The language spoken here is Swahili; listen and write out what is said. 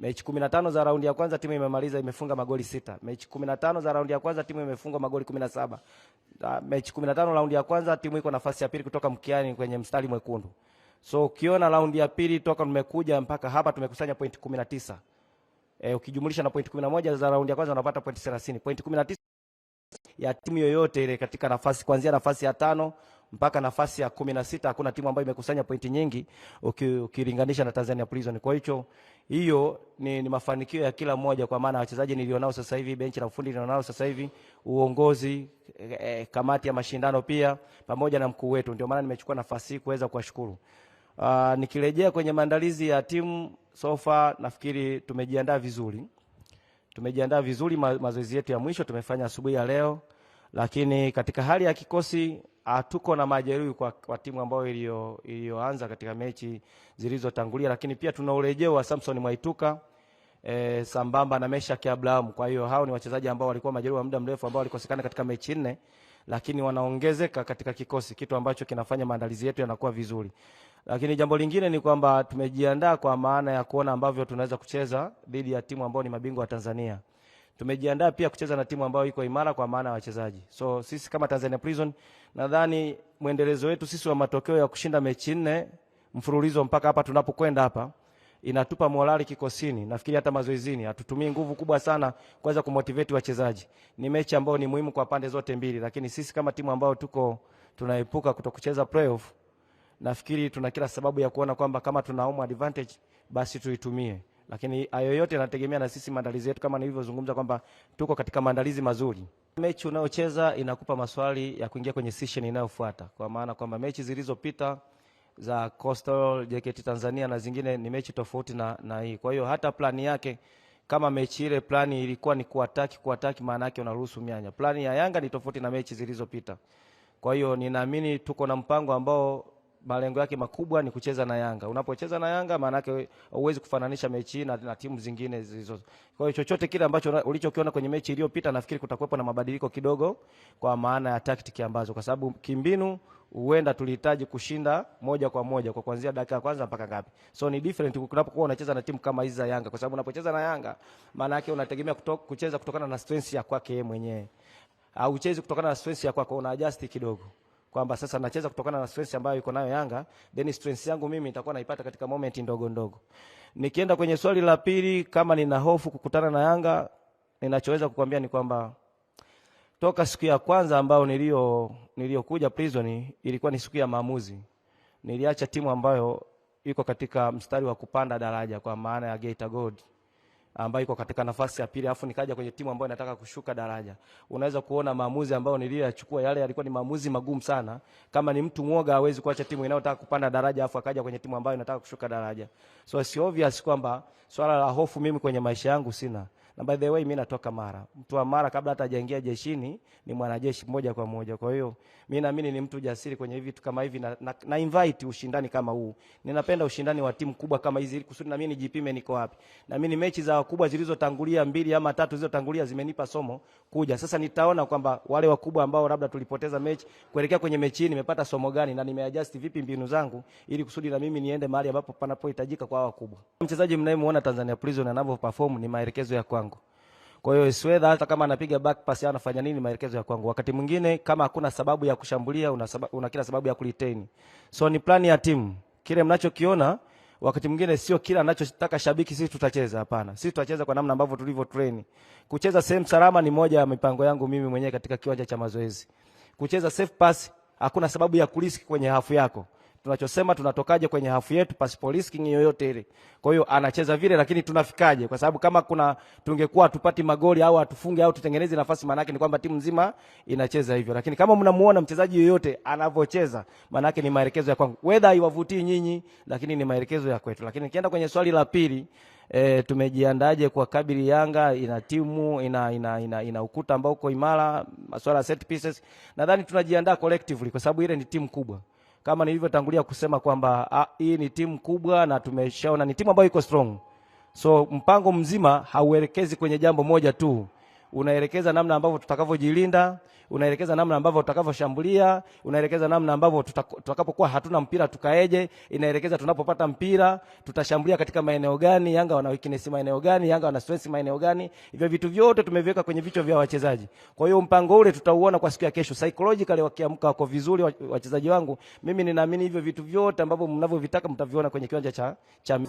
mechi 15 za raundi ya kwanza timu imemaliza imefunga magoli sita. Mechi 15 za raundi ya kwanza timu imefunga magoli 17. Mechi 15 raundi ya kwanza timu iko nafasi ya pili kutoka mkiani kwenye mstari mwekundu. So ukiona raundi ya pili toka tumekuja mpaka hapa tumekusanya pointi 19. E, eh, ukijumlisha na pointi 11 za raundi ya kwanza unapata pointi 30. Pointi 19 ya timu yoyote ile katika nafasi kuanzia nafasi ya tano mpaka nafasi ya kumi na sita hakuna timu ambayo imekusanya pointi nyingi ukilinganisha na Tanzania Prison. Kwa hicho hiyo ni, ni mafanikio ya kila mmoja, kwa maana wachezaji nilionao sasa hivi, benchi la ufundi nilionao sasa hivi, uongozi eh, e, kamati ya mashindano pia pamoja na mkuu wetu. Ndio maana nimechukua nafasi hii kuweza kuwashukuru. Uh, nikirejea kwenye maandalizi ya timu sofa, nafikiri tumejiandaa vizuri, tumejiandaa vizuri. Ma, Mazoezi yetu ya mwisho tumefanya asubuhi ya leo lakini katika hali ya kikosi hatuko ah, na majeruhi kwa, kwa timu ambayo iliyoanza katika mechi zilizotangulia, lakini pia tuna urejeo wa Samson Mwaituka e, sambamba na Meshaki Abraham. Kwa hiyo hao ni wachezaji ambao walikuwa majeruhi wa muda mrefu ambao walikosekana katika mechi nne, lakini wanaongezeka katika kikosi, kitu ambacho kinafanya maandalizi yetu yanakuwa vizuri. Lakini jambo lingine ni kwamba tumejiandaa kwa maana ya kuona ambavyo tunaweza kucheza dhidi ya timu ambayo ni mabingwa wa Tanzania. Tumejiandaa pia kucheza na timu ambayo iko imara kwa maana ya wachezaji. So sisi kama Tanzania Prison, nadhani mwendelezo wetu sisi wa matokeo ya kushinda mechi nne mfululizo mpaka hapa tunapokwenda hapa inatupa morali kikosini, nafikiri hata mazoezini hatutumii nguvu kubwa sana kuweza kumotivate wachezaji. Ni mechi ambayo ni muhimu kwa pande zote mbili, lakini sisi kama timu ambayo tuko tunaepuka kutokucheza playoff, nafikiri tuna kila sababu ya kuona kwamba kama tuna home advantage basi tuitumie lakini hayo yote yanategemea na sisi maandalizi yetu, kama nilivyozungumza kwamba tuko katika maandalizi mazuri. Mechi unayocheza inakupa maswali ya kuingia kwenye session inayofuata, kwa maana kwamba mechi zilizopita za Coastal JKT Tanzania na zingine ni mechi tofauti na, na hii. Kwa hiyo hata plani yake kama mechi ile plani ilikuwa ni kuataki kuataki, maana yake unaruhusu mianya. Plani ya Yanga ni tofauti na mechi zilizopita. Kwa hiyo ninaamini tuko na mpango ambao malengo yake makubwa ni kucheza na Yanga. Unapocheza na Yanga, maana yake huwezi kufananisha mechi na, na timu zingine zilizo. Kwa hiyo chochote kile ambacho ulichokiona kwenye mechi iliyopita, nafikiri kutakuwepo na mabadiliko kidogo, kwa maana ya taktiki ambazo, kwa sababu kimbinu huenda tulihitaji kushinda moja kwa moja kwa kuanzia dakika ya kwanza mpaka ngapi. So ni different unapokuwa unacheza na timu kama hizi za Yanga, kwa sababu unapocheza na Yanga maana yake unategemea kutok, kucheza kutokana na strength ya kwake mwenyewe, au uchezi kutokana na strength ya kwako, una adjust kidogo kwamba sasa nacheza kutokana na stress ambayo yuko nayo Yanga, then stress yangu mimi nitakuwa naipata katika moment ndogo ndogo. Nikienda kwenye swali la pili, kama nina hofu kukutana na Yanga, ninachoweza kukwambia ni kwamba toka siku ya kwanza ambayo nilio niliokuja prison ilikuwa ni siku ya maamuzi. Niliacha timu ambayo iko katika mstari wa kupanda daraja kwa maana ya Geita Gold ambayo iko katika nafasi ya pili, alafu nikaja kwenye timu ambayo inataka kushuka daraja. Unaweza kuona maamuzi ambayo niliyoyachukua yale yalikuwa ni maamuzi magumu sana. Kama ni mtu mwoga, hawezi kuacha timu inayotaka kupanda daraja afu akaja kwenye timu ambayo inataka kushuka daraja. So si obvious kwamba swala la hofu mimi kwenye maisha yangu sina na by the way mimi natoka Mara. Mtu wa Mara kabla hata hajaingia jeshini ni mwanajeshi moja kwa moja. Kwa hiyo mimi naamini ni mtu jasiri kwenye hivi vitu kama hivi na, na, na invite ushindani kama huu. Ninapenda ushindani wa timu kubwa kama hizi ili kusudi na mimi nijipime niko wapi. Na mimi mechi za wakubwa zilizotangulia mbili ama tatu zilizotangulia zimenipa somo kuja. Sasa nitaona kwamba wale wakubwa ambao labda tulipoteza mechi kuelekea kwenye mechi hii nimepata somo gani na nimeadjust vipi mbinu zangu ili kusudi na mimi niende mahali ambapo panapohitajika kwa wakubwa. Mchezaji mnayemuona Tanzania Prison anavyoperform ni maelekezo ya kwangu. Kwa hiyo Swedha hata kama anapiga back pass anafanya nini, maelekezo ya kwangu. Wakati mwingine kama hakuna sababu ya kushambulia, una, sababu, una kila sababu ya kulitain. So ni plani ya timu, kile mnachokiona wakati mwingine sio kila anachotaka shabiki, sisi tutacheza. Hapana, sisi tutacheza kwa namna ambavyo tulivyo train. Kucheza sehemu salama ni moja ya mipango yangu mimi mwenyewe katika kiwanja cha mazoezi. Kucheza safe pass, hakuna sababu ya kuriski kwenye hafu yako tunachosema tunatokaje kwenye hafu yetu pasipo risking yoyote ile. Kwa hiyo anacheza vile, lakini tunafikaje? Kwa sababu kama kuna tungekuwa tupati magoli au atufunge au tutengeneze nafasi, maana yake ni kwamba timu nzima inacheza hivyo. Lakini kama mnamuona mchezaji yoyote anavyocheza, maana yake ni maelekezo ya kwangu, whether iwavutii nyinyi, lakini ni maelekezo ya kwetu. Lakini nikienda kwenye swali la pili E, tumejiandaje kwa kabili Yanga ina timu ina, ina, ina, ina ukuta ambao uko imara, masuala ya set pieces. Nadhani tunajiandaa collectively kwa sababu ile ni timu kubwa kama nilivyotangulia kusema kwamba ah, hii ni timu kubwa na tumeshaona ni timu ambayo iko strong, so mpango mzima hauelekezi kwenye jambo moja tu unaelekeza namna ambavyo tutakavyojilinda, unaelekeza namna ambavyo tutakavyoshambulia, unaelekeza namna ambavyo tutakapokuwa hatuna mpira tukaeje, inaelekeza tunapopata mpira tutashambulia katika maeneo gani, Yanga wana weakness maeneo gani, Yanga wana strength maeneo gani. Hivyo vitu vyote tumeviweka kwenye vichwa vya wachezaji. Kwa hiyo mpango ule tutauona kwa siku ya kesho. Psychologically wakiamka wako vizuri wachezaji wangu, mimi ninaamini hivyo vitu vyote ambavyo mnavyovitaka mtaviona kwenye kiwanja cha, cha...